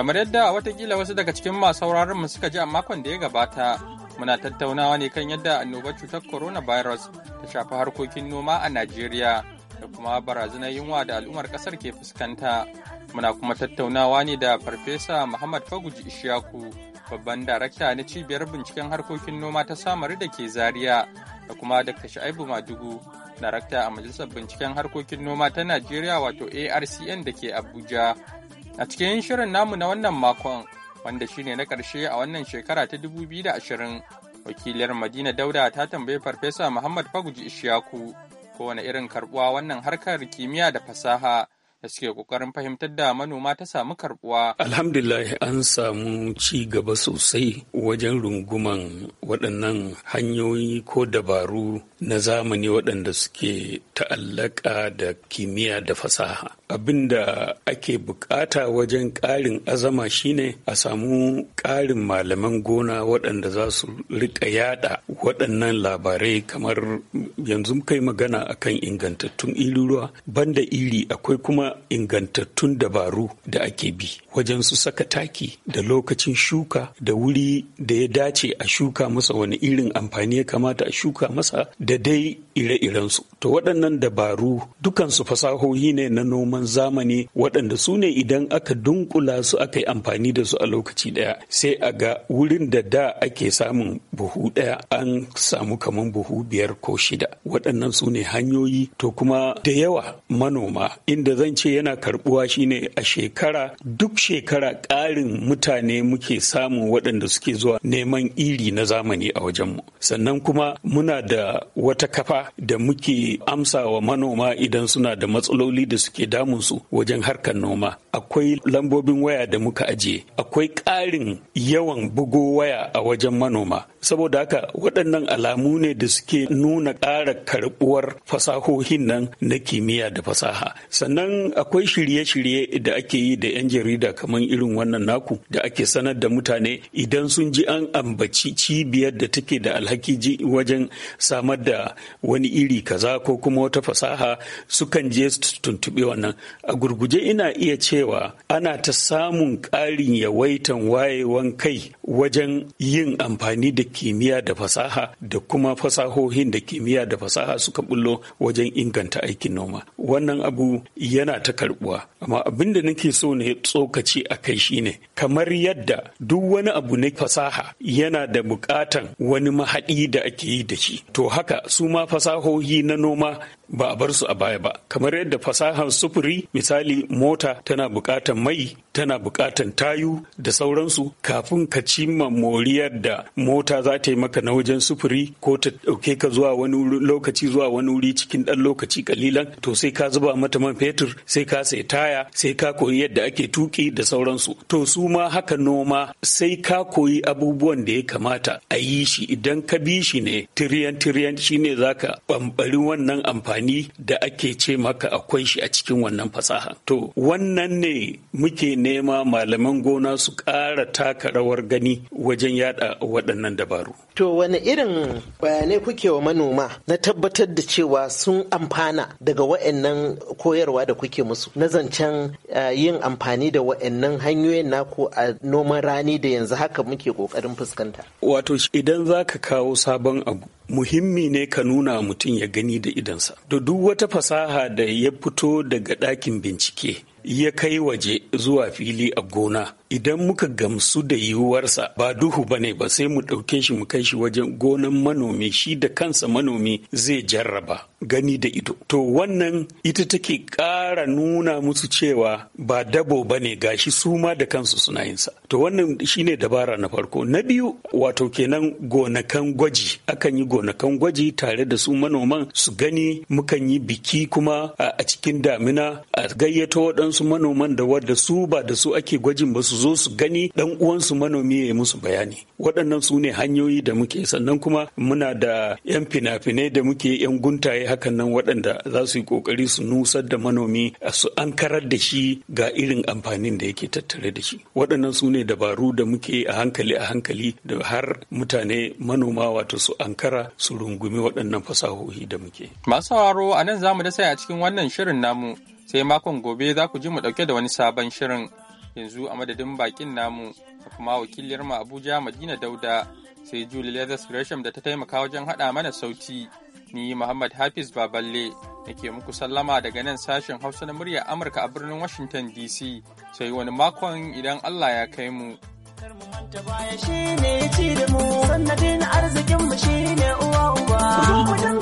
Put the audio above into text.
Kamar yadda watakila wasu daga cikin masu mu suka ji a makon da ya gabata, muna tattaunawa ne kan yadda annobar cutar coronavirus ta shafi harkokin noma a Najeriya da kuma barazanar yunwa da al'ummar kasar ke fuskanta. Muna kuma tattaunawa ne da Farfesa Muhammad Faguji Ishaku, babban darakta na cibiyar binciken harkokin noma ta samari da ke Zaria, da kuma Dr. Sha'ibu Madugu, darakta a Majalisar Binciken Harkokin Noma ta Najeriya wato ARCN da ke Abuja. A cikin shirin namu na wannan makon, wanda shine na ƙarshe a wannan shekara ta 2020, wakiliyar Madina Dauda ta tambayi Farfesa Muhammad Faguji Ishaku kowane irin karbuwa wannan harkar kimiyya da fasaha da suke kokarin fahimtar da manoma ta samu karbuwa. Alhamdulillah an samu ci gaba sosai wajen runguman waɗannan hanyoyi ko dabaru na zamani waɗanda suke ta'allaka da kimiyya da fasaha. Abin da ake bukata wajen ƙarin azama shine a samu ƙarin malaman gona waɗanda za su riƙa yada waɗannan labarai kamar yanzu kai magana akan ingantattun iri ruwa banda iri akwai kuma ingantattun dabaru da ake bi wajen su saka taki da lokacin shuka da wuri da ya dace a shuka masa wani irin amfani ya kamata a shuka masa da dai ire-irensu. To waɗannan dabaru dukansu fasahohi ne na noman zamani waɗanda su ne idan aka dunkula su aka yi amfani da su a lokaci ɗaya sai a ga wurin da da ake samun buhu ɗaya an samu kaman buhu biyar ko shida. Waɗannan su ne hanyoyi to kuma da yawa manoma inda zan ce yana karɓuwa shine a shekara duk shekara ƙarin mutane muke samun waɗanda suke zuwa neman iri na zamani a wajenmu. Sannan kuma muna da wata kafa da muke amsa wa manoma idan suna da matsaloli da suke damunsu wajen harkar noma akwai lambobin waya da muka ajiye akwai ƙarin yawan bugo waya a wajen manoma saboda haka waɗannan alamu ne da suke nuna ƙara karɓuwar fasahohin nan na kimiyya da fasaha sannan akwai shirye-shirye da ake yi da 'yan jarida kamar irin wannan naku da ake sanar da mutane idan sun ji an ambaci cibiyar da take da alhaki wajen samar da wani iri kaza ko kuma wata fasaha sukan je su tuntuɓe wannan a gurguje ina iya cewa ana ta samun ƙarin yawaitan wayewan kai wajen yin amfani da kimiyya da fasaha da kuma fasahohin da kimiyya da fasaha suka bullo wajen inganta aikin noma wannan abu yana ta karbuwa amma abin da nake so ne tsokaci a kai shine kamar yadda duk wani abu na fasaha yana da bukatan wani mahaɗi da ake yi da shi to haka su ma fasahohi na noma ba a bar su a baya ba kamar yadda fasahar sufuri misali mota tana buƙatan mai tana buƙatan tayu da sauransu kafin ka cimma moriyar da mota za ta yi maka na wajen sufuri ko ta ɗauke ka zuwa wani lokaci zuwa wani wuri cikin ɗan lokaci kalilan to sai ka zuba mata man fetur sai ka sai taya sai ka koyi yadda ake tuki da sauransu to su ma haka noma sai ka koyi abubuwan da ya kamata a yi shi idan ka bi shi ne tiriyan tiriyan shine za ka ka wannan amfani da ake ce maka akwai shi a cikin wannan fasaha to wannan ne muke nema malaman gona su ƙara taka rawar gani wajen yada waɗannan dabaru to wani irin bayanai kuke wa manoma na tabbatar da cewa sun amfana daga wa'annan koyarwa da kuke musu na zancen Eh, yin amfani da wa'annan hanyoyin naku a noman rani da yanzu haka muke kokarin fuskanta wato idan za ka kawo sabon abu muhimmi ne ka nuna mutum ya gani da idansa da duk wata fasaha da ya fito daga ɗakin bincike ya kai waje zuwa fili a gona idan muka gamsu da yiwuwarsa ba duhu ba ne ba sai mu ɗauke shi mu kai shi wajen gonan manomi shi da kansa manomi zai jarraba gani da ido to wannan ita take ƙara ƙara nuna musu cewa ba dabo ba ne gashi su ma da kansu suna yinsa. To wannan shine dabara na farko. Na biyu wato kenan gonakan gwaji. Akan yi gonakan gwaji tare da su manoman su gani mukan yi biki kuma a cikin damina a gayyato waɗansu manoman da wadda su ba da su ake gwajin ba su zo su gani ɗan uwansu manomi ya yi musu bayani. Waɗannan su ne hanyoyi da muke sannan kuma muna da 'yan fina-finai da muke 'yan guntaye hakan nan waɗanda za su yi ƙoƙari su nusar da manomi A su an karar da shi ga irin amfanin da yake tattare da shi waɗannan su ne dabaru da muke a hankali a hankali da har mutane manoma wato su ankara su rungumi waɗannan fasahohi da muke masu sauraro a nan zamu mu da a cikin wannan shirin namu sai makon gobe za ku ji mu ɗauke da wani sabon shirin yanzu a madadin bakin namu da kuma wakiliyar mu abuja madina dauda sai julie leathers da ta taimaka wajen haɗa mana sauti Ni Muhammad Hafiz Baballe nake muku sallama daga nan sashen Hausa na muryar Amurka a birnin Washington DC sai wani makon idan Allah ya kai mu. karmu baya shine da mu, sanadin arzikin mu shine uwa uba.